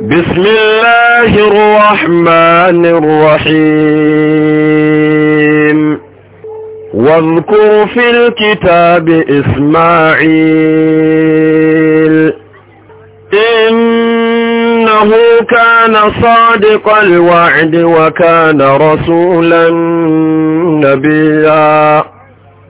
بسم الله الرحمن الرحيم واذكر في الكتاب إسماعيل إنه كان صادق الوعد وكان رسولا نبيا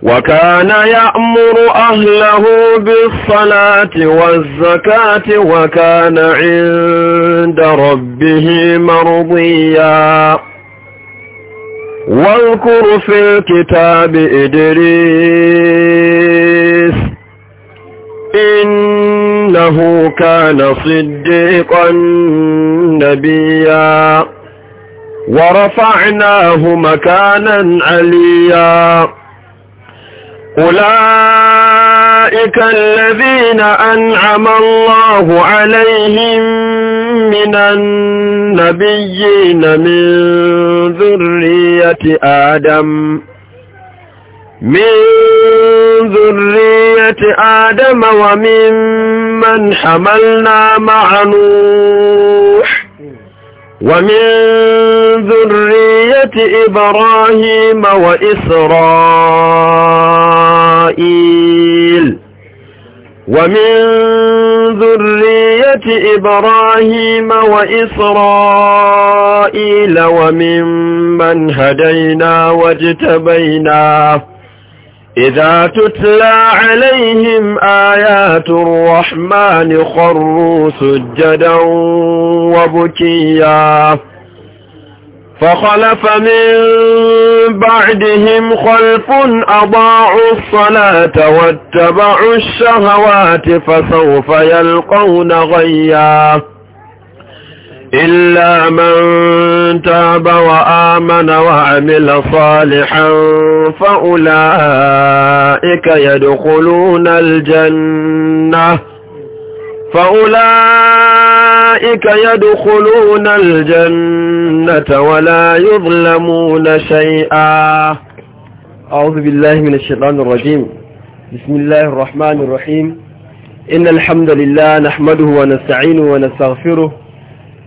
وكان يأمر أهله بالصلاة والزكاة وكان عند ربه مرضيا واذكر في الكتاب إدريس إنه كان صديقا نبيا ورفعناه مكانا عليا أولئك الذين أنعم الله عليهم من النبيين من ذرية آدم من ذرية آدم وممن حملنا مع نوح ومن ذرية إبراهيم وإسرائيل ومن ذرية إبراهيم وإسرائيل ومن من هدينا واجتبيناه إذا تتلى عليهم آيات الرحمن خروا سجدا وبكيا فخلف من بعدهم خلف أضاعوا الصلاة واتبعوا الشهوات فسوف يلقون غياً إلا من تاب وآمن وعمل صالحا فأولئك يدخلون الجنة فأولئك يدخلون الجنة ولا يظلمون شيئا أعوذ بالله من الشيطان الرجيم بسم الله الرحمن الرحيم إن الحمد لله نحمده ونستعينه ونستغفره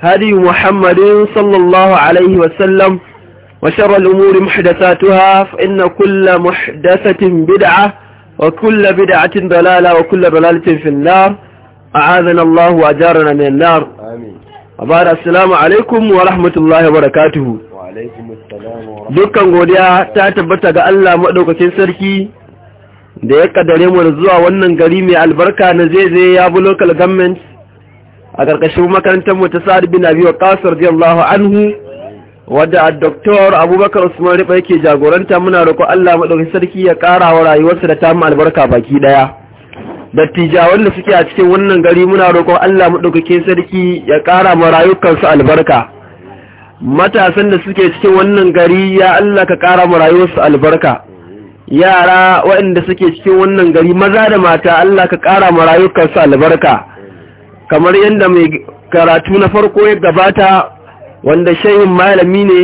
هدي محمد صلى الله عليه وسلم وشر الأمور محدثاتها فإن كل محدثة بدعة وكل بدعة ضلالة وكل ضلالة في النار أعاذنا الله وأجارنا من النار آمين أبار السلام عليكم ورحمة الله وبركاته وعليكم السلام ورحمة دكان غوديا تعتبت الله مدوكتين سركي da ya kaddare mu zuwa wannan gari mai albarka na zai zai ya bu local government a ƙarƙashin makarantar mu ta sa'ad bin abi waqas radiyallahu anhu wadda Dr. Abubakar Usman Riba yake jagoranta muna roƙo Allah madaukakin sarki ya ƙara wa rayuwarsa da ta mu albarka baki daya dattija wanda suke a cikin wannan gari muna roƙo Allah madaukakin sarki ya ƙara ma rayukansu albarka matasan da suke cikin wannan gari ya Allah ka ƙara ma rayuwarsu albarka yara waɗanda suke cikin wannan gari maza da mata Allah ka ƙara ma rayukansu albarka kamar yadda mai karatu na farko ya gabata wanda shayin malami ne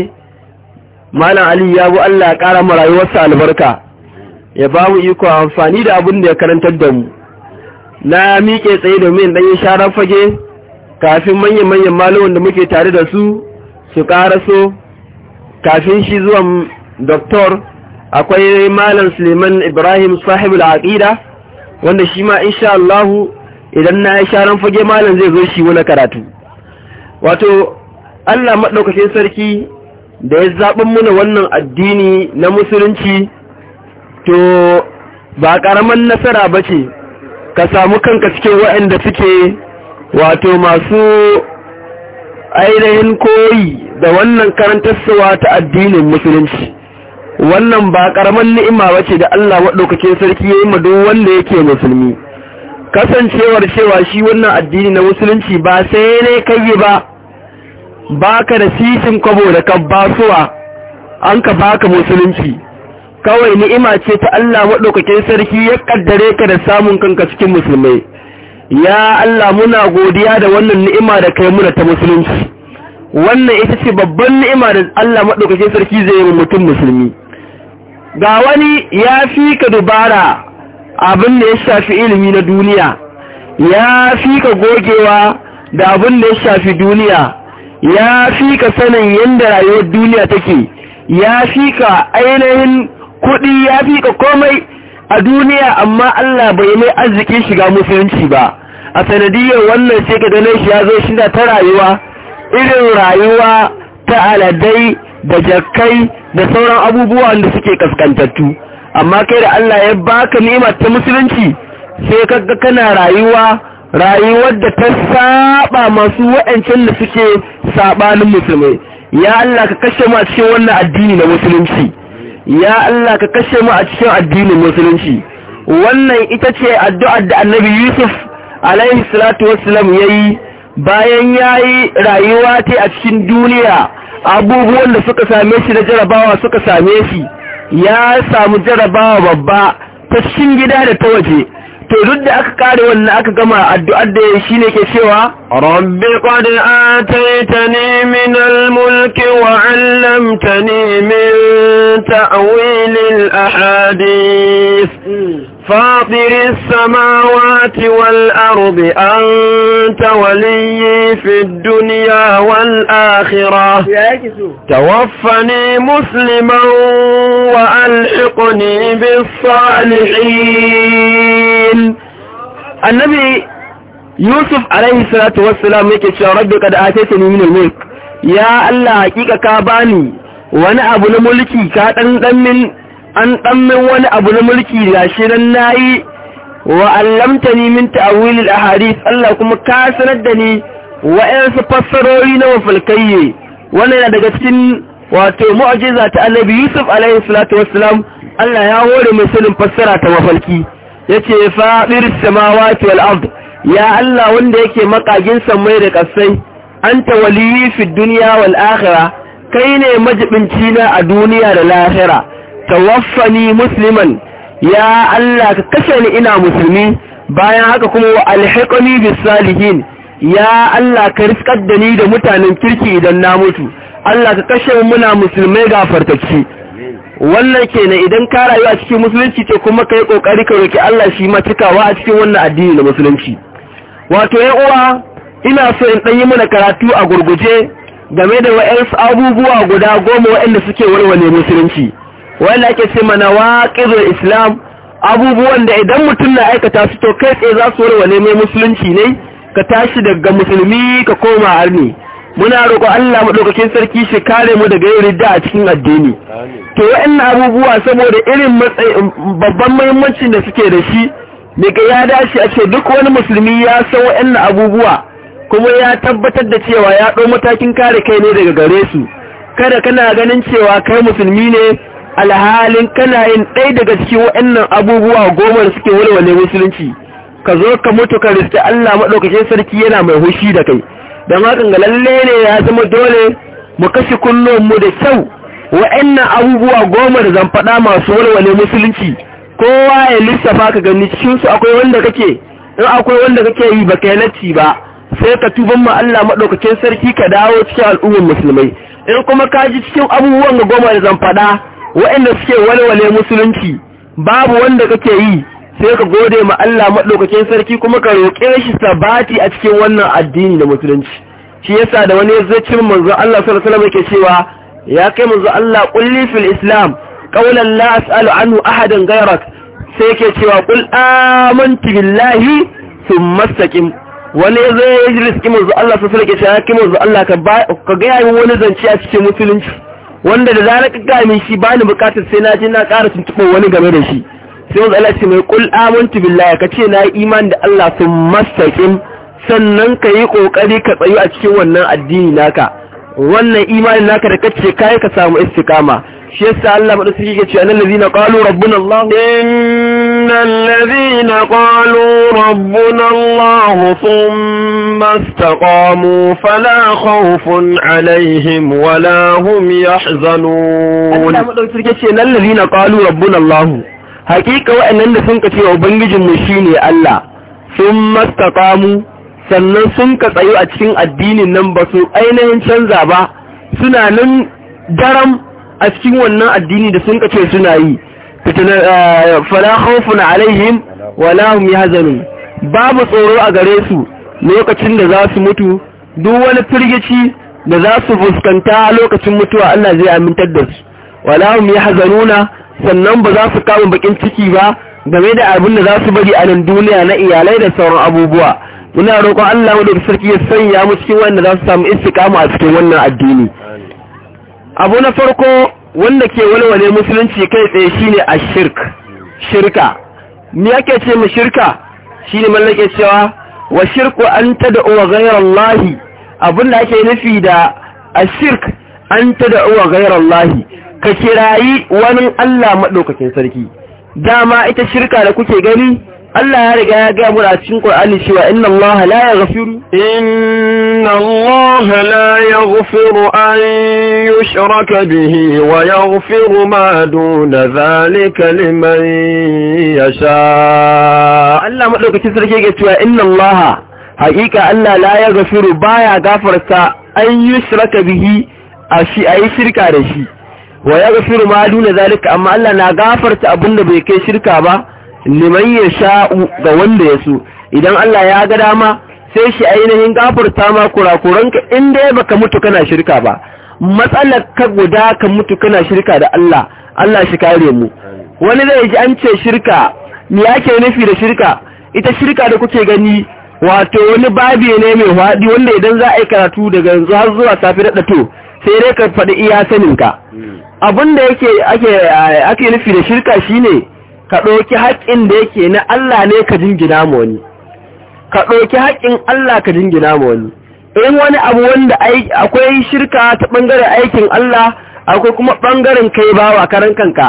malam ali ya bu Allah ya kara marayu rayuwarsa albarka ya ba mu iko amfani da abin da ya karantar da mu na miƙe tsaye domin ɗan yi sharar fage kafin manyan manyan malaman da muke tare da su su so, kafin shi zuwa doktor akwai malam Suleiman Ibrahim sahibul al'aƙida wanda shi ma insha Allahu idan na yi sharan fage malam zai zo shi wani karatu wato allah maɗaukacin sarki da ya zaɓin muna wannan addini na musulunci to ba ƙaramin nasara ba ce ka samu kanka cikin waɗanda suke wato masu ainihin koyi da wannan karantarsuwa ta addinin musulunci wannan ba ƙaramin ni'ima ba ce da allah maɗaukakin sarki ya yi ma duk wanda yake musulmi kasancewar cewa shi wannan addini na musulunci ba sai ne kai ba baka da sisin kwabo da kan basuwa an ka baka musulunci kawai ni'ima ce ta Allah maɗaukakin sarki ya kaddare ka da samun kanka cikin musulmai ya Allah muna godiya da wannan ni'ima da kai muna ta musulunci wannan ita ce babban ni'ima da Allah maɗaukakin sarki zai yi mutum musulmi ga wani ya fi ka dubara abin da ya shafi ilimi na duniya ya fi ka gogewa da abin da ya shafi duniya ya fi ka sanin yadda rayuwar duniya take ya fi ka ainihin kuɗi ya fi ka komai a duniya amma Allah bai mai arzikin shiga musulunci ba a sanadiyar wannan sai ka ganin shi ya zo shi da ta rayuwa irin rayuwa ta aladai da Jakai da sauran abubuwan da suke kaskantattu amma kai da Allah ya baka ni'ima ta musulunci sai kaga kana rayuwa rayuwar da ta saba masu wa'ancan da suke sabanin musulmai ya Allah ka kashe mu a cikin wannan addini na musulunci ya Allah ka kashe mu a cikin addinin musulunci wannan ita ce addu'ar da Annabi Yusuf alaihi salatu wassalam yayi bayan yayi rayuwa ta a cikin duniya abubuwan da suka same shi da jarabawa suka same shi ya samu jarabawa babba ta cikin gida da ta waje to duk da aka kare wannan aka gama addu'ar da ya shi ne ke cewa rabbi qad ataitani min al-mulki wa 'allamtani min ta'wil al-ahadith hmm. فاطر السماوات والأرض أنت ولي في الدنيا والآخرة توفني مسلما وألحقني بالصالحين النبي يوسف عليه الصلاة والسلام يكي ربي قد آتيتني من الملك يا الله حقيقة كاباني وانا أبو الملكي كاتن من an ɗammin wani abu na mulki da shi na yi wa allamta ni min ta'awilil ahadith Allah kuma ka sanar da ni wa'yansu fassarori na mafalkayye wannan yana daga cikin wato mu'ajiza ta annabi Yusuf alaihi salatu wassalam Allah ya hore mai sanin fassara ta mafalki yace fa'ir samawati wal ard ya Allah wanda yake makagin samai da kasai anta waliyyi fid dunya wal akhirah kai ne majibinci na a duniya da lahira tawaffani musliman ya Allah ka kashe ni ina musulmi bayan haka kuma wa alhiqani bis salihin ya Allah ka riskar da ni da mutanen kirki idan na mutu Allah ka kashe muna musulmai gafartacci wannan kenan idan ka rayu a cikin musulunci ce kuma kai kokari ka roki Allah shi ma cikawa a cikin wannan addini na musulunci wato ya uwa ina so in dan yi mana karatu a gurguje game da wa'ansu abubuwa guda goma waɗanda suke walwale musulunci wanda ake ce mana waƙizar islam abubuwan da idan mutum na aikata su to kai tsaye za su warware mai musulunci ne ka tashi daga musulmi ka koma arni muna roƙo Allah maɗaukakin sarki shi kare mu daga yin a cikin addini to wa'annan abubuwa saboda irin babban muhimmancin da suke da shi daga ya dace a ce duk wani musulmi ya san wa'annan abubuwa kuma ya tabbatar da cewa ya ɗau matakin kare kai ne daga gare su kada kana ganin cewa kai musulmi ne alhalin kana yin ɗaya daga cikin waɗannan abubuwa goma da suke walwale musulunci ka zo ka mutu ka riske Allah maɗaukacin sarki yana mai hushi da kai da hakan ga lalle ne ya zama dole mu kashe mu da kyau waɗannan abubuwa goma da zan faɗa masu walwale musulunci kowa ya lissafa ka gani cikin su akwai wanda kake in akwai wanda kake yi baka yi latti ba sai ka tuban ma Allah maɗaukacin sarki ka dawo cikin al'ummar musulmai in kuma ka ji cikin abubuwan ga goma da zan faɗa waɗanda suke walwale musulunci babu wanda kake yi sai ka gode ma Allah maɗaukakin sarki kuma ka roƙe shi sabati a cikin wannan addini da musulunci shi yasa da wani zaccin manzo Allah sallallahu alaihi wasallam yake cewa ya kai manzo Allah kulli fil islam qawlan la as'alu anhu ahadan ghayrak sai yake cewa qul amantu billahi thumma istaqim wani zai yi riski manzo Allah sallallahu alaihi wasallam yake cewa kai manzo Allah ka ga yayin wani zance a cikin musulunci wanda da zarar ka min shi ba ni bukatar sai na je na ƙara tuntuɓo wani game da shi sai wanzu Allah ce mai kul amantu billahi ka ce na yi imani da Allah sun mastaƙin sannan ka yi ƙoƙari ka tsayu a cikin wannan addini naka wannan imanin naka da kace kai ka samu istiqama shi yasa Allah ba su yake cewa allazina qalu rabbuna Allah innal ladina qalu rabbuna Allah thumma istaqamu fala khawfun alaihim wala hum yahzanun Allah ba su yake cewa allazina qalu rabbuna Allah hakika wa'annan da sun kace wa ubangijin mu shine Allah thumma istaqamu sannan sun ka tsayo a cikin addinin nan ba su ainihin canza ba suna nan daram a cikin wannan addini da sun kace suna yi eh, fala khawfun alaihim wala hum yahzanun babu tsoro a gare su lokacin da za su mutu duk wani firgici da za su fuskanta lokacin mutuwa Allah zai amintar da su wala hum yahzanuna sannan ba za su kama bakin ciki ba game da abin da za su bari a nan duniya na iyalai da sauran abubuwa muna roƙon Allah da sarki ya sanya mu cikin wanda za su samu istiqama a cikin wannan addini abu na farko wanda ke walwale musulunci kai tsaye shine a shirka Ni yake ce mu shirka shine mallake cewa wa shirku an tad'u ghayra Allah abinda ake nufi da ashirk an tad'u ghayra Allahi. ka kirayi wani Allah madaukakin sarki dama ita shirka da kuke gani Allah ya riga ya ga mu a cikin Qur'ani cewa inna Allah la yaghfiru inna Allah la yaghfiru an yushraka bihi wa yaghfiru ma duna zalika liman yasha Allah madaukakin sarki yake cewa inna Allah haƙiƙa Allah la yaghfiru baya gafarta an yushraka bihi a shi ayi shirka da shi wa yaghfiru ma duna zalika amma Allah na gafarta abinda bai kai shirka ba liman ya sha'u ga wanda ya so idan Allah ya ga dama sai shi ainihin gafarta ma kurakuranka in dai baka mutu kana shirka ba matsalar ka guda ka mutu kana shirka da Allah Allah shi kare mu wani zai ji an ce shirka ni yake nufi da shirka ita shirka da kuke gani wato wani babi ne mai haɗi wanda idan za a yi karatu daga yanzu har zuwa safi da to sai dai ka faɗi iya saninka hmm. abin da yake ake nufi da shirka shine ka ɗauki haƙƙin da yake na Allah ne ka jingina ma wani ka ɗauki haƙƙin Allah ka jingina ma wani in wani abu wanda akwai shirka ta ɓangaren aikin Allah akwai kuma ɓangaren kai bawa karan kanka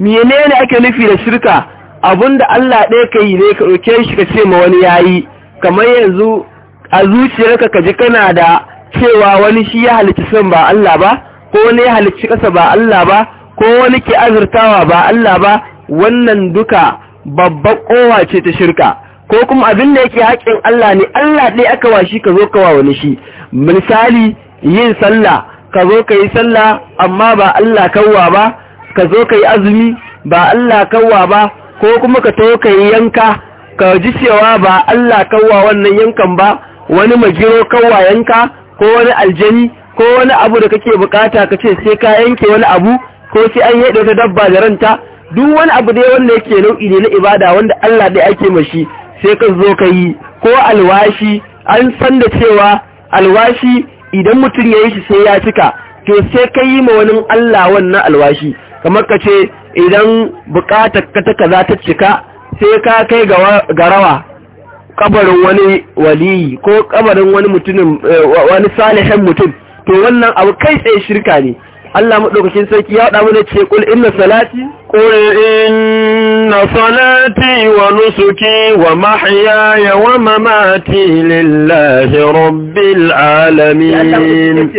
menene ake nufi da shirka Abun da Allah ɗaya ka yi ne ka ɗauke shi ka ce ma wani ya yi? kamar yanzu a zuciyarka ka ji kana da cewa wani shi ya halicci san ba Allah ba ko wani ya halicci ƙasa ba Allah ba ko wani ke azurtawa ba Allah ba wannan duka babbar kowa ce ta shirka ko kuma abin da yake haƙin Allah ne Allah ɗaya aka washi ka zo ka wani shi misali yin sallah ka zo ka yi sallah amma ba Allah kawwa ba ka zo ka yi azumi ba Allah kawwa ba ko kuma ka taho ka yi yanka ka ji cewa ba Allah kawwa wannan yankan ba wani magiro kawwa yanka ko wani aljani ko wani abu da kake bukata ka ce sai ka yanke wani abu ko sai an yaɗa ta dabba da ranta duk wani abu dai wanda yake nau'i ne na ibada wanda Allah dai ake mashi sai ka zo ka yi ko alwashi an san da cewa alwashi idan mutum ya yi shi sai ya cika to sai ka yi ma wani Allah wannan alwashi kamar ka ce idan bukatar ka ta kaza ta cika sai ka kai ga rawa kabarin wani waliyi ko kabarin wani mutumin eh, wani salihin mutum to wannan abu kai tsaye shirka ne Allah maɗaukakin sarki ya waɗa mana ce ƙul inna salati? ƙul inna salati wa nusuki wa mahyaya wa mamati lillahi rabbil alamin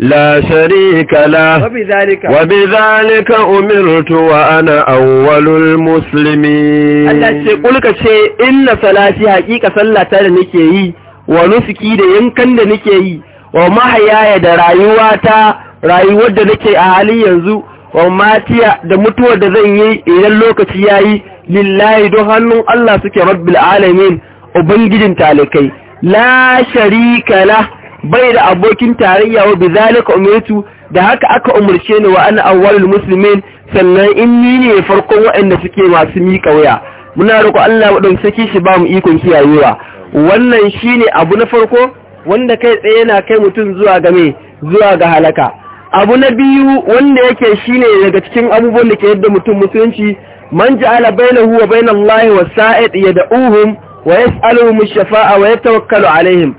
la sharika la wa bidhalika umirtu wa ana awwalul muslimin Allah ce ƙul ka ce inna salati haƙiƙa sallata da nake yi wa nusuki da yankan da nake yi wa mahayaya da rayuwata rayuwar da nake a halin yanzu wa matiya da mutuwar da zan yi idan lokaci ya yi, lillahi don hannun Allah suke rabbil alamin ubangijin talikai la sharika la bai da abokin tarayya wa bizalika umirtu da haka aka umarce ni wa ana awwalul muslimin sannan in ni ne farkon waɗanda suke masu miƙa waya, muna roƙo Allah wadon saki shi ba mu ikon kiyayewa wannan shine abu na farko wanda kai tsaye yana kai mutum zuwa game, zuwa ga halaka abu na biyu wanda yake shine daga cikin abubuwan da ke yadda mutum musulunci man ja'ala bainahu wa bainallahi wasa'id yad'uhum wa yas'aluhum ash-shafa'a wa yatawakkalu alaihim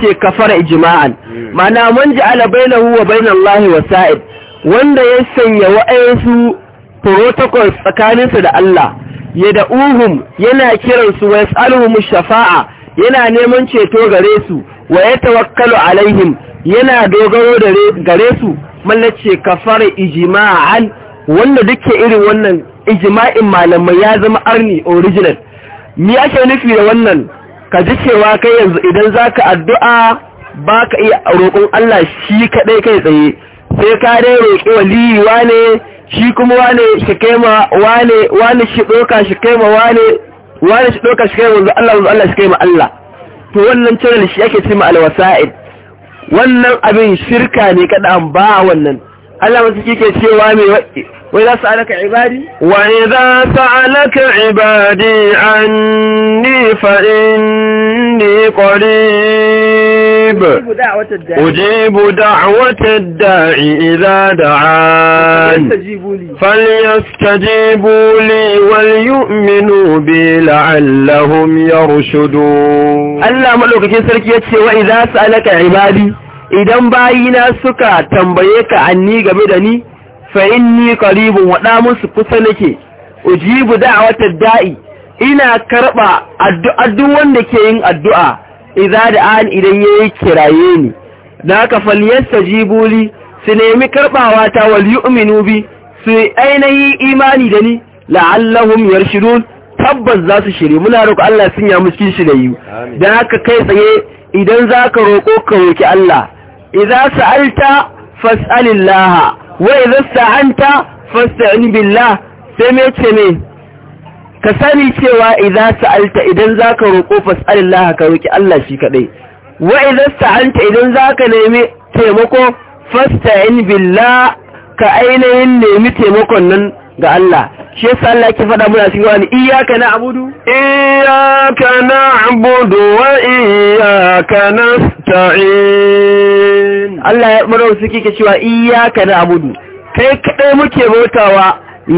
ka kafara ijma'an ma'ana man ja'ala bainahu wa bainallahi wasa'id wanda ya sanya wa'ayansu protocols tsakaninsu da Allah yad'uhum yana kiransu wa yas'aluhum ash-shafa'a yana neman ceto gare su wa yatawakkalu alaihim yana dogaro da gare su mallace kafara ijma'an wanda duke irin wannan ijma'in malamai ya zama arni original mi ake nufi da wannan ka ji cewa kai yanzu idan zaka addu'a baka iya roƙon Allah shi kadai kai tsaye sai ka dai roƙi waliyi wane shi kuma wane shi kaima wane wane shi doka shi kaima wane wane shi doka shi kaima Allah Allah shi kaima Allah to wannan channel shi ake cewa alwasa'id wannan abin shirka ne an ba wannan Allah masu kike cewa mai waƙi wai za su alaka ibadi? wani za su alaka ibadi an nifa inni ƙorib ujibu da'awatar da'i iza da'an falyasta jibuli wal yu'minu bi la'allahum yarshudu Allah maɗaukakin sarki ya ce wai za su alaka ibadi idan bayina suka tambaye ka anni game da ni fa inni qaribun wada musu kusa nake ujibu da watan da'i ina karɓa addu'a wanda ke yin addu'a idza an idan yayi kiraye ni da ka falyastajibu li su nemi karbawa ta wal yu'minu bi su ainihi imani da ni la'allahum yarshidun tabbas za su shiri muna roƙo Allah sun ya muskin shi da yi don haka kai tsaye idan za ka roƙo ka roƙi Allah idza sa'alta fas'alillah wa idza sta'anta fasta'in billah sai me ka sani cewa idza sa'alta idan zaka roko fas'alillah ka roki Allah shi kaɗai wa idza sta'anta idan zaka nemi taimako fasta'in billah ka ainihin nemi taimakon nan ga Allah shi yasa Allah yake faɗa muna cikin wani iyyaka na'budu iyyaka na'budu wa iyyaka nasta'in Allah ya mura su kike cewa iyyaka na'budu kai kadai muke bautawa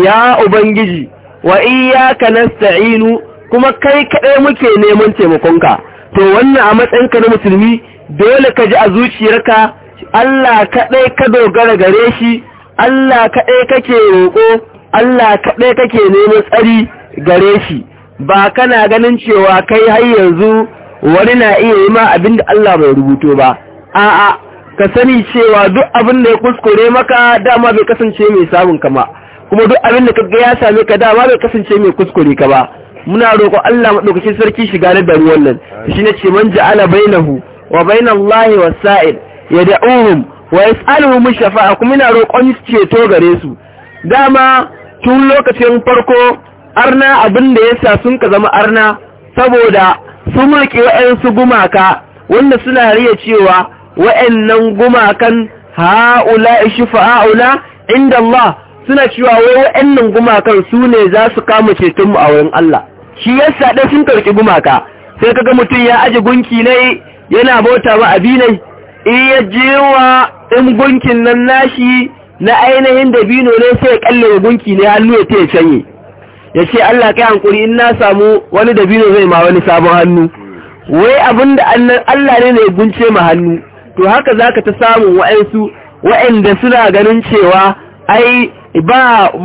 ya ubangiji wa iyyaka nasta'inu kuma kai kadai muke neman taimakonka to wannan a matsayinka na musulmi dole ka ji a zuciyarka Allah kaɗai ka dogara gare shi, Allah kaɗai kake roƙo, Allah kaɗai kake neman tsari gare shi ba kana ganin cewa kai har yanzu wani na iya yi ma abin da Allah bai rubuto ba a'a ka sani cewa duk abin da ya kuskure maka dama bai kasance mai samun kama kuma duk abin da ka ga ya same ka dama bai kasance mai kuskure ka ba muna roƙo Allah madaukakin sarki shiga da ruwan nan na ce man ja'ala bainahu wa bainallahi wasa'il yad'uhum wa yas'aluhum shafa'a kuma ina roƙon ceto gare su dama tun lokacin farko arna abin da sa sun ka zama arna saboda sun mulki wa'ansu gumaka wanda suna riya cewa wa'annan gumakan ha'ula shufa'a'ula inda Allah suna cewa wai wa'annan gumakan su ne za su kama ceton mu a wurin Allah shi yasa da sun karki gumaka sai kaga mutum ya aje gunki ne yana bauta ma abinai in ya jewa in gunkin nan nashi na ainihin dabino ne sai ya kalle gunki ne hannu ya ta canye ya ce Allah kai hankuri in na samu wani dabino zai ma wani sabon hannu wai abin da Allah ne ne gunce ma hannu to haka za ka ta samu wa'ansu wa'anda suna ganin cewa ai ba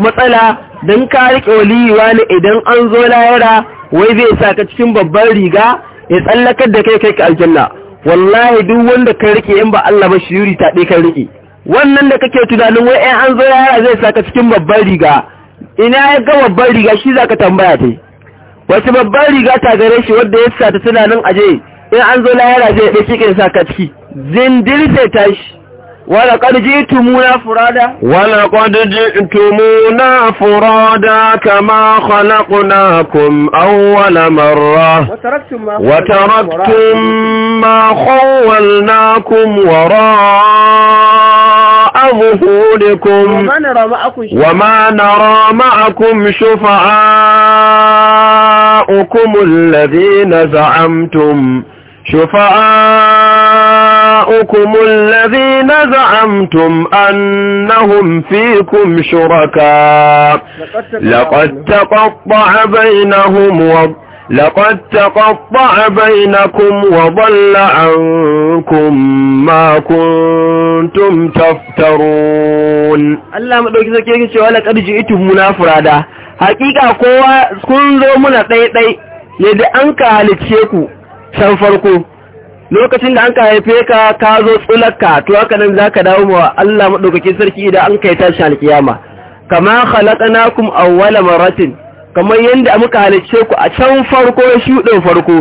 matsala don ka riƙe waliyuwa ne idan an zo layara wai zai sa ka cikin babban riga ya tsallakar da kai kai ka aljanna wallahi duk wanda ka riƙe in ba Allah ba shiri ta ɗe ka riƙe wannan da kake tunanin wai ɗan an zo yara zai saka cikin babban riga ina ya ga babban riga shi za ka tambaya ta wasu babbar riga ta gare shi wadda ya sa ta tunanin aje in an zo yara zai ɗauki ƙin saka ciki zindir sai tashi ولقد جئتمونا فرادا ولقد جئتمونا فرادا كما خلقناكم أول مرة وتركتم ما, وتركتم ما خولناكم وراء ظهوركم وما نرى معكم شفعاءكم الذين زعمتم شفعاءكم شركاؤكم الذين زعمتم أنهم فيكم شركاء لقد تقطع بينهم وضع لقد تقطع بينكم وضل عنكم ما كنتم تفترون الله مدوki sarki yake cewa laqad ji'tum munafirada hakika kowa kun zo muna dai dai ne da an ka halice ku san farko lokacin da an ka haife ka ka zo tsulakka to haka nan za ka dawo wa Allah madaukakin sarki idan an kai tashi alkiyama kama khalaqnakum awwala maratin kamar yanda muka halicce ku a can farko shudin farko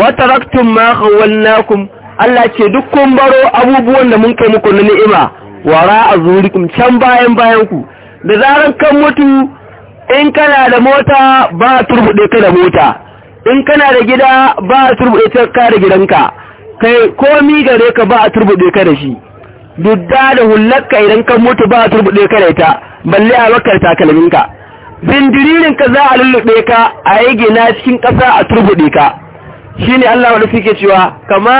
wa taraktum ma khawalnakum Allah ce duk kun baro abubuwan da mun kai muku na ni'ima wara azurikum can bayan bayan ku da zaran kan mutu in kana da mota ba turbude ka da mota in kana da gida ba turbude ka da gidanka kai komi gare ka ba a turbuɗe ka da shi dudda da hullarka idan kan mutu ba a turbuɗe ka da ita balle a bakar takalminka bindiririn ka za a lullube ka a yi gina cikin ƙasa a turbuɗe ka shi. ne Allah wanda suke cewa kama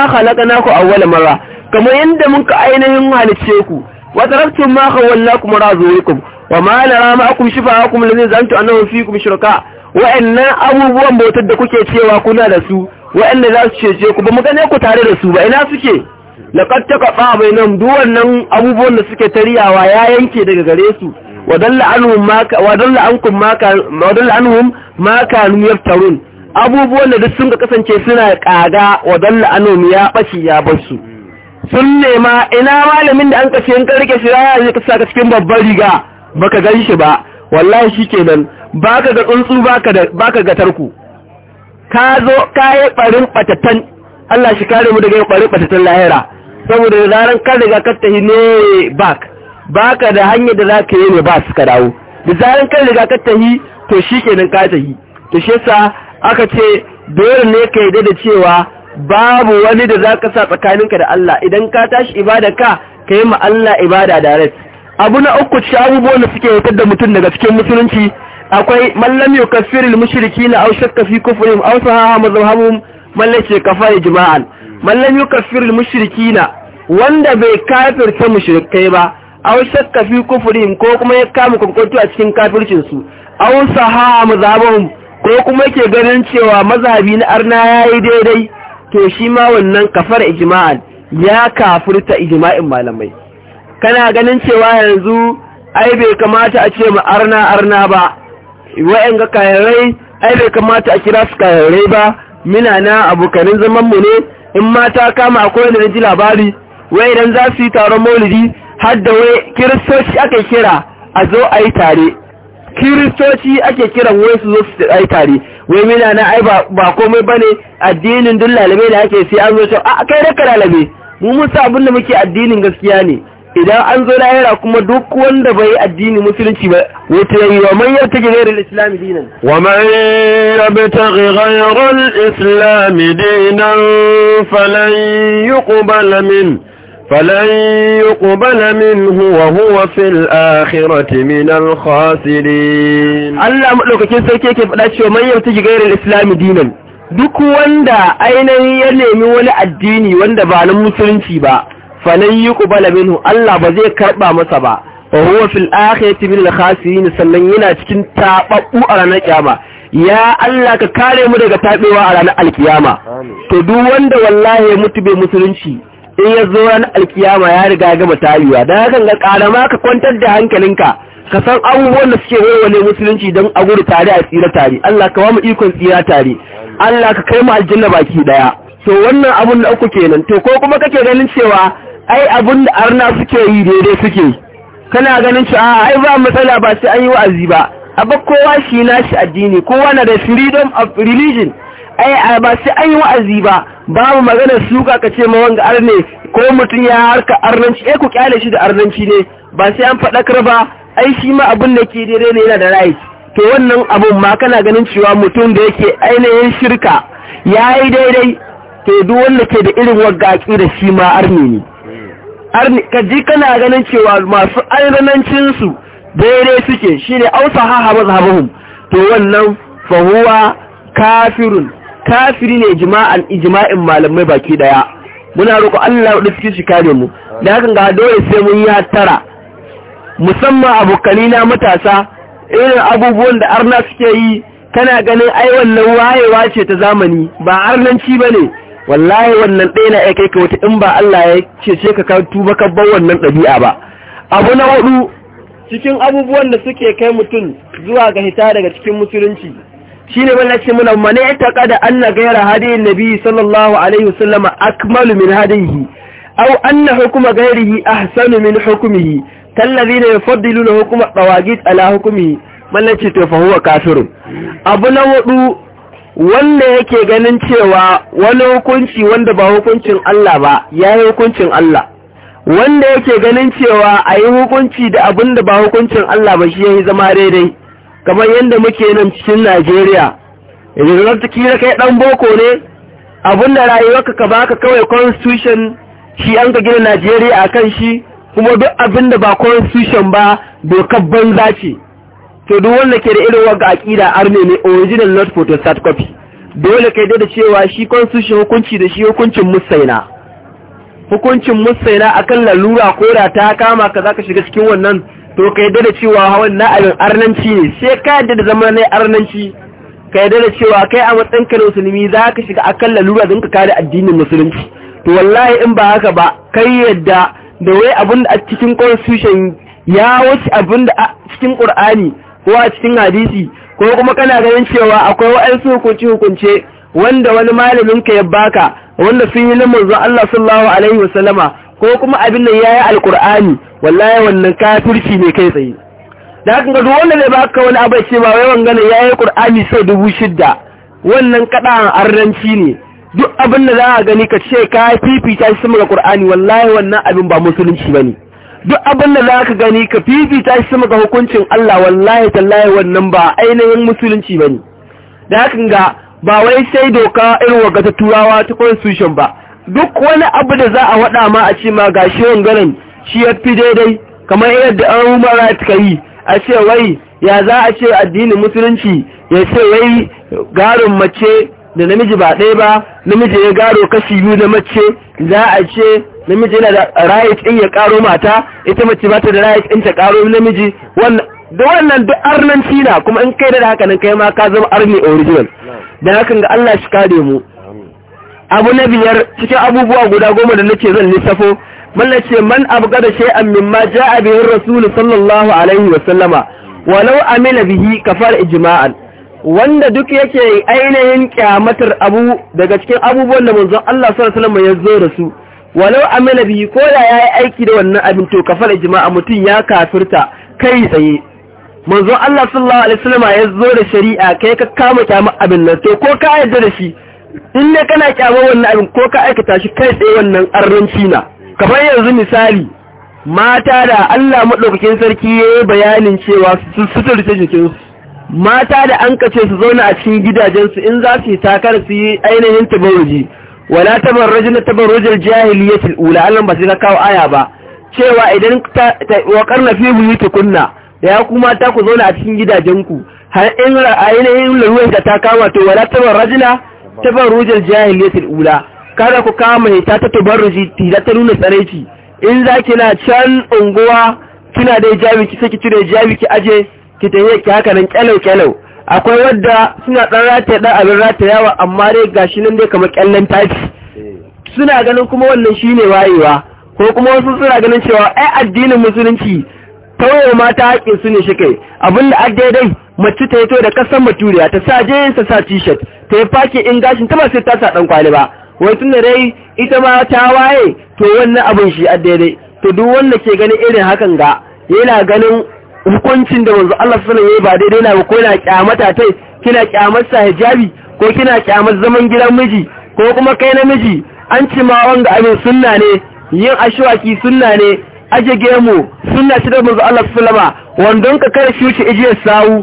naku ku wani mara kamar yadda mun ka ainihin halicce ku wa taraktum ma khawallakum razuikum wa ma nara ma'akum shifa'akum lazina zantu annahum fiikum shirka wa'annan abubuwan bautar da kuke cewa kuna da su wa'anda za su cece ku ba mu gane ku tare da su ba ina suke laqad taqafa nan duk wannan abubuwan da suke tariyawa ya yanke daga gare su wadalla anhum ma wadalla ankum ma wadalla anhum ma yaftarun abubuwan da duk sun ka kasance suna kaga wadalla anhum ya bashi ya bar su sun nema ina malamin da an kace in karke shi ya ka saka cikin babbar riga baka gan shi ba wallahi shikenan baka ga tsuntsu baka da baka ga tarku ka zo ka yi ɓarin ɓatatan Allah shi kare mu daga yin ɓarin ɓatatan lahira saboda da zaran ka riga ka tafi ne ba baka da hanyar da za ka yi ne ba su ka dawo da zaran ka riga ka tafi to shi kenan ka tafi to shi yasa aka ce dole ne ka yarda da cewa babu wani da za ka sa tsakaninka da Allah idan ka tashi ibada ka ka yi ma Allah ibada direct abu na uku shi abubuwan da suke fitar da mutum daga cikin musulunci akwai mallam yau kafirin mushiriki na au shakka fi kufurin au sahaha mallace kafari jima'an mallam yau kafirin mushiriki na wanda bai kafirta mushrikai ba au shakka fi kufurin ko kuma ya kama kwankwanto a cikin kafircinsu au sahaha mazhabun ko kuma yake ganin cewa mazhabi na arna ya yi daidai to shi ma wannan kafar ijima'an ya kafirta ijima'in malamai kana ganin cewa yanzu ai bai kamata a ce ma arna arna ba wa'yan ga kayarai ai bai kamata a kira su kayarai ba mina na abokanin zaman mu ne in mata kama akwai kowane na ji labari wai idan za su yi taron maulidi har da wai kiristoci ake kira a zo a yi tare kiristoci ake kiran wai su zo su yi tare wai mina na ai ba komai ba ne? addinin dun lalabe da ake sai an zo a kai da lalabe mu mun sa abin da muke addinin gaskiya ne idan an zo lahira kuma duk wanda bai addini musulunci ba wata yayi wa man yabtaghi ghayra al-islam dinan wa man yabtaghi ghayra al-islam dinan falan yuqbal min falan yuqbal minhu wa huwa fil akhirati min al-khasirin Allah madaukakin sarki yake faɗa cewa man yabtaghi ghayra al-islam dinan duk wanda ainihin ya nemi wani addini wanda ba na musulunci ba falan Bala, Minu, Allah ba zai karɓa masa ba a huwa fil akhirati bil khasirin sannan yana cikin tababbu a ranar kiyama ya Allah ka kare mu daga taɓewa a ranar alkiyama to duk wanda wallahi ya mutu bai musulunci in ya zo ranar alkiyama ya riga gama tayuwa dan hakan ga karama ka kwantar da hankalinka ka san abubuwan da suke wawale musulunci don a gudu tare a tsira tare Allah ka ba ikon tsira tare Allah ka kai mu aljanna baki ɗaya, to wannan abun da uku kenan to ko kuma kake ganin cewa ai abin da arna suke yi daidai suke kana ganin cewa ai ba matsala ba sai an yi wa'azi ba abu kowa shi nashi addini kowa na da freedom of religion ai ba sai an yi wa'azi ba babu magana suka ka ce ma wanga arne ko mutum ya harka arnanci eh ku kyale shi da arnanci ne ba sai an faɗakar ba ai shi ma abin da ke daidai ne yana da right to wannan abun ma kana ganin cewa mutum da yake ainihin shirka yayi daidai to duk wanda ke da irin waggaki da shi ma arne ne kaji kana ganin cewa masu arnancinsu daidai suke shi ne ausa haha mazhabahum to wannan fahuwa kafirun kafiri ne jima'an ijima'in malamai baki daya muna roƙo Allah da suke shi kare mu da haka ga dole sai mun yi tara musamman abokani na matasa irin abubuwan da arna suke yi kana ganin ai wannan wayewa ce ta zamani ba arnanci ba ne. wallahi wannan ɗaya na ya ka wata in ba Allah ya ce ce ka tuba ka bar wannan ɗabi'a ba abu na hudu cikin abubuwan da suke kai mutum zuwa ga hita daga cikin musulunci shine wannan ce muna man yataqada anna ghayra hadiyin nabi sallallahu alaihi a akmalu min hadihi aw anna hukma ghayrihi ahsanu min hukmihi kallazina yufaddiluna hukma tawagit ala hukmihi mallan ce to fa huwa abu na hudu wanda yake ganin cewa wani hukunci wanda ba hukuncin Allah ba ya yi hukuncin Allah wanda yake ganin cewa a yi hukunci da abin da ba hukuncin Allah ba shi ya yi zama daidai kamar yadda muke nan cikin Najeriya idan ta kira kai ɗan boko ne abin da rayuwarka ka baka kawai constitution shi an ka gina Najeriya a kan shi kuma duk abin da ba constitution ba dokar banza ce to duk wanda ke da irin wanga aqida arne ne original not start copy dole kai da cewa shi constitution hukunci da shi hukuncin musaina hukuncin musaina akan lalura ko da ta kama ka zaka shiga cikin wannan to kai da cewa hawan na abin arnanci ne sai ka yadda da zama na arnanci ka yadda da cewa kai a matsayin ka musulmi zaka shiga akan lalura don ka kare addinin musulunci to wallahi in ba haka ba kai yadda da wai abin a cikin constitution ya wuce abin da a cikin qur'ani ko a cikin hadisi ko kuma kana ganin cewa akwai wa'ansu hukunci hukunce wanda wani malamin ka ya baka wanda sun yi limin zuwa Allah sallallahu alaihi wasallama ko kuma abin ya yi alkur'ani wallahi wannan kafirci ne kai tsaye da haka gado wanda zai baka wani abu ce ba wai wangana yayi qur'ani sai dubu shidda wannan kadan arranci ne duk abin da za a gani ka ce ka fifita shi sama ga wallahi wannan abin ba musulunci ba ne. duk abin da za ka gani ka fifita shi sama ga hukuncin Allah wallahi tallahi wannan ba ainihin musulunci ba ne da hakan ga ba wai sai doka irin waga ta turawa ta constitution ba duk wani abu da za a waɗa ma a ce ma ga shi wangaren shi ya fi daidai kamar yadda an human rights ka yi a ce wai ya za a ce addinin musulunci ya ce wai garin mace da namiji ba ɗaya ba namiji ya gado kashi biyu na mace za a ce namiji yana da rayu in ya karo mata ita mace ba ta da rayu in ta karo namiji da wannan duk arnan na kuma in kai da haka nan kai ma ka zama arni original da hakan ga Allah shi kare mu abu na biyar cikin abubuwa guda goma da nake zan lissafo mallace man abgada shay'an mimma ja'a bihi rasul sallallahu alaihi wa sallama walau amila bihi kafar ijma'an wanda duk yake ainihin kyamatar abu daga cikin abubuwan da manzon Allah sallallahu alaihi wasallam ya zo da su walau amana bi ko da yayi aiki da wannan abin to kafar jama'a mutun ya kafirta kai tsaye manzon Allah sallallahu alaihi wasallam ya zo da shari'a kai ka kama kyama abin nan to ko ka yarda da shi in ne kana kyama wannan abin ko ka aikata shi kai tsaye wannan arranci na kamar yanzu misali mata da Allah madaukakin sarki yayi bayanin cewa su suturce jikinsu mata da an kace su zauna a cikin gidajensu in za su yi takar su yi ainihin tabarruji wala tabarruji na tabarrujin jahiliyyar ula Allah ba sai na kawo aya ba cewa idan wakar na fi buyuti kunna ya ku mata ku zauna a cikin gidajenku har in ainihin laruwar da ta kama to wala na tabarrujin jahiliyyar ula kada ku kama mai ta tabarruji tida ta nuna tsaraici in za kina can unguwa kina dai jami ki sai ki cire jami ki aje ki tafiye haka nan kyalau kyalau akwai wadda suna ɗan rataye dan abin ratayawa amma dai gashi nan dai kamar kyallon tafi eh. suna ganin kuma wannan shine wayewa ko kuma wasu suna ganin cewa ai addinin musulunci tawaye mata haƙƙin su ne shi kai abin da an dai mace ta yato da kasan maturiya ta sa jeans sa t-shirt ta yi faki in gashin ta ba sai ta sa ɗan kwali ba wai tun dai ita ma ta waye to wannan abin shi an daidai to duk wanda ke ganin irin hakan ga yana ganin hukuncin da manzo Allah sallallahu alaihi ba daidai na ba ko yana kyamata kina kyamar sa hijabi ko kina kyamar zaman gidan miji ko kuma kai namiji an ci ma wanda abin sunna ne yin ashwaki sunna ne aje gemu sunna ce da manzo Allah sallallahu alaihi wasallam ka kare shi wuce sawu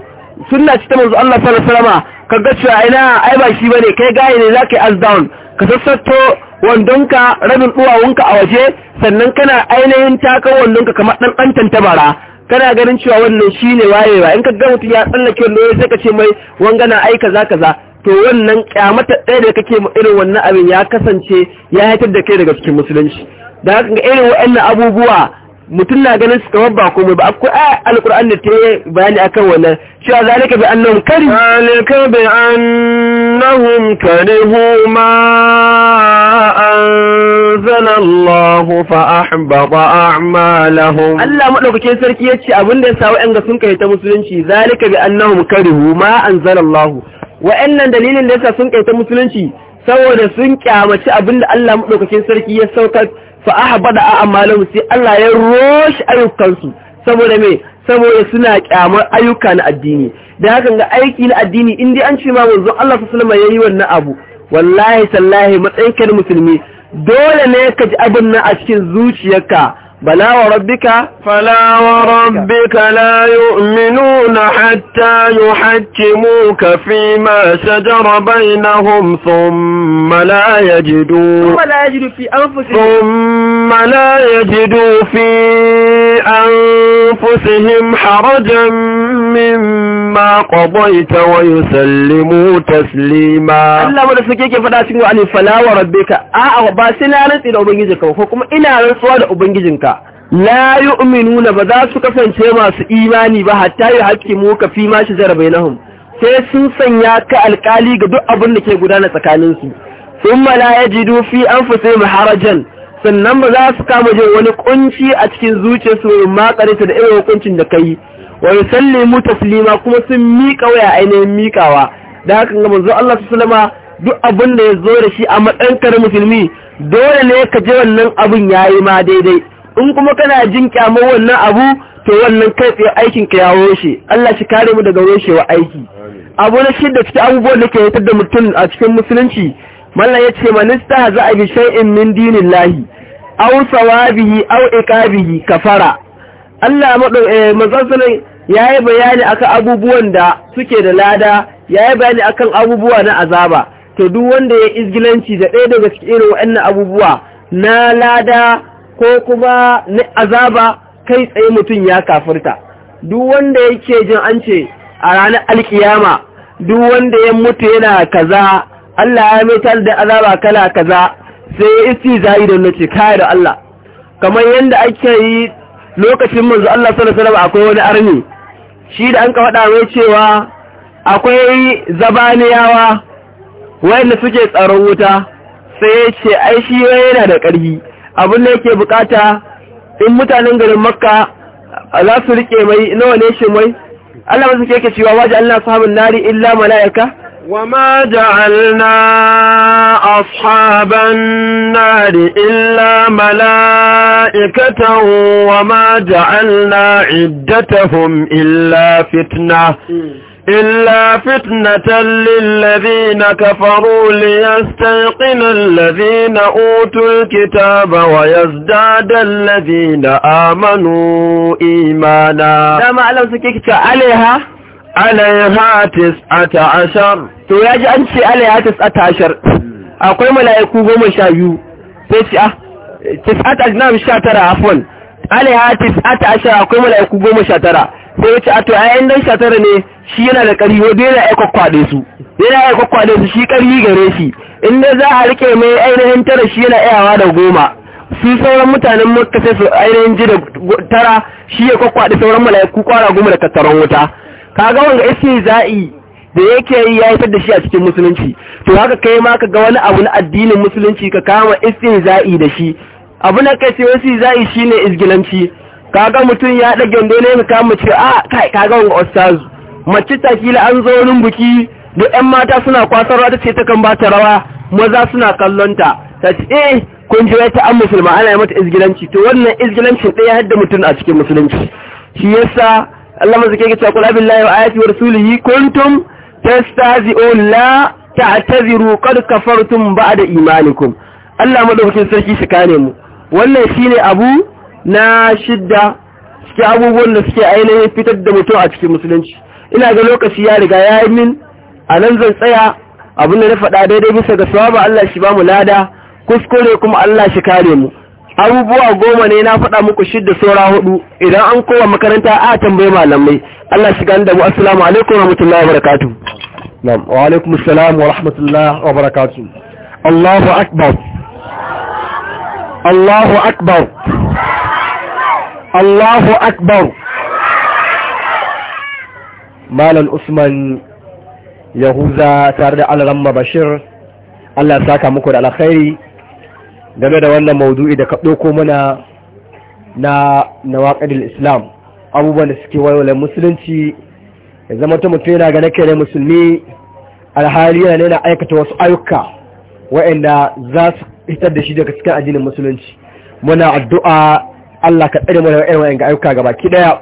sunna ce da manzo Allah sallallahu alaihi wasallam kaga cewa ina ai ba shi bane kai ne zaka yi as ka sassato a waje sannan kana ainihin takan wandonka kamar dan dan kana ganin cewa wannan shi shine wayewa in ka ga mutum ya tsallake wannan sai ka ce mai wangana ai kaza kaza to wannan kyamata ɗaya da kake irin wannan abin ya kasance ya haitar da kai daga cikin musulunci da haka ga irin waɗannan abubuwa mutum na ganin suka kamar ba komai ba akwai a alkur'an da ta yi bayani akan wannan cewa zalika bi annahum kari zalika bi annahum karihu ma anzala Allah fa ahbata a'malahum Allah madaukakin sarki ya ce abinda ya yasa wa'anga sun kai ta musulunci zalika bi annahum karihu ma anzala Allah wa'annan dalilin da ya sa sun kai ta musulunci saboda sun kyamaci abinda Allah madaukakin sarki ya saukar fa ahbada a'malahum sai Allah ya roshi ayyukansu saboda me saboda suna kyamar ayyuka na addini da hakan ga aiki na addini in dai an ce ma manzo Allah sallallahu alaihi yayi wannan abu wallahi sallahi matsayin musulmi dole ne ka ji abin nan a cikin zuciyarka بلا وربك فلا وربك لا يؤمنون حتى يحكموك فيما شجر بينهم ثم لا يجدوا ثم لا يجدوا في أنفسهم ثم لا يجدوا في أنفسهم حرجا مما ما قضيت ويسلموا تسليما الله ولا سكي yake faɗa cikin wani fala wa rabbika a'a ba sai na rantsi da ubangijinka ko kuma ina rantsuwa da ubangijinka la yu'minuna ba za su kasance masu imani ba hatta yi haƙƙi mu ka fi ma shi zarabainahum sai sun sanya ka alƙali ga duk abin da ke gudana tsakaninsu su mala ya ji dufi an fusai harajan, sannan ba za su kama jin wani kunci a cikin zuciyarsu makarita da irin hukuncin da ka yi wa yusallimu taslima kuma sun miƙa waya ainihin miƙawa da haka ga manzo Allah sallama duk abin da ya zo da shi a matsayin musulmi dole ne ka je wannan abin yayi ma daidai in kuma kana jin kyamar wannan abu to wannan kai tsaye aikin ka yawo shi Allah shi kare mu daga wa aiki abu na shidda cikin abubuwan da ke fitar da mutum a cikin musulunci mallan ya ce manista za a bi shay'in min dinillahi aw sawabihi aw iqabihi kafara Allah madan eh, manzon ya yi bayani akan abubuwan da suke da lada ya yi bayani akan abubuwa na azaba to duk wanda ya izgilanci da ɗaya daga cikin irin wa'annan abubuwa na lada ko kuma na azaba kai tsaye mutum ya kafirta duk wanda yake jin an ce a ranar alkiyama duk wanda ya mutu yana kaza Allah ya metar da azaba kala kaza sai ya isi zai da nace kai da Allah kamar yadda ake yi lokacin manzo Allah sallallahu alaihi wasallam akwai wani arni shi da an ka faɗa mai cewa akwai zabaniyawa wanda suke tsaron wuta sai ya ce ai shi yana da ƙarfi abin da yake bukata in mutanen garin makka za su rike mai nawa ne shi mai Allah ke ke cewa waje Allah sahabin nari illa mala'ika وما جعلنا أصحاب النار إلا ملائكة وما جعلنا عدتهم إلا فتنة إلا فتنة للذين كفروا ليستيقن الذين أوتوا الكتاب ويزداد الذين آمنوا إيمانا لا لو سكيكتا عليها alaiha tis'ata ashar to ya ji an ce alaiha tis'ata ashar akwai mala'iku goma sha biyu sai ce ah tis'ata na bi sha tara afwan alaiha tis'ata ashar akwai mala'iku goma sha tara sai ya ce a to a yayin dan sha tara ne shi yana da ƙari wanda yana aika kwade su yana aika kwade su shi ƙari gare shi inda za a rike mai ainihin tara shi yana iyawa da goma su sauran mutanen makka sai su ainihin ji da tara shi ya kwakwaɗe sauran mala'iku kwara goma da tattaron wuta kaga wanga zai da yake yi ya fitar da shi a cikin musulunci to haka kai ma ka ga wani abu na addinin musulunci ka kama istihza'i da shi abu na kai sai zai shine izgilanci kaga mutum ya dage dole ne kama ce a ah, kai kaga wanga ustaz mace ta kila an zo wurin buki da ƴan mata suna kwasarwa ta ce ta kan ba ta rawa maza suna kallonta. ta ce eh kun ji wata an musulma ana yi mata izgilanci to wannan izgilancin ɗaya hadda mutum a cikin musulunci shi yasa Allah mazuke ke cewa kula billahi wa ayati wa rasulihi kuntum tastazi'un la ta'taziru qad kafartum ba'da imanikum Allah madaukakin sarki shi kane mu wannan shine abu na shidda shi abubuwan da suke ainihin fitar da mutum a cikin musulunci ina ga lokaci ya riga ya yi min a nan zan tsaya abin da na faɗa daidai bisa ga sawaba Allah shi ba mu lada kuskure kuma Allah shi kare mu abubuwa goma ne na faɗa muku shidda saura hudu idan an kowa makaranta a tambayi malamai Allah shiga da mu assalamu alaikum wa rahmatullahi wa barakatuh na'am wa alaikum assalam wa rahmatullahi wa barakatuh Allahu akbar Allahu akbar Allahu akbar Malam Usman Yahuza tare da Alaramma Bashir Allah ya saka muku da alkhairi game da wannan maudu'i da ka ɗauko mana na nawaƙadil islam abubuwan da suke wayolar musulunci ya zama ta mutum yana ga nake ne musulmi alhali yana yana aikata wasu ayyuka waɗanda za su hitar da shi daga cikin addinin musulunci muna addu'a Allah ka tsare mana ga ayyuka gaba ki ɗaya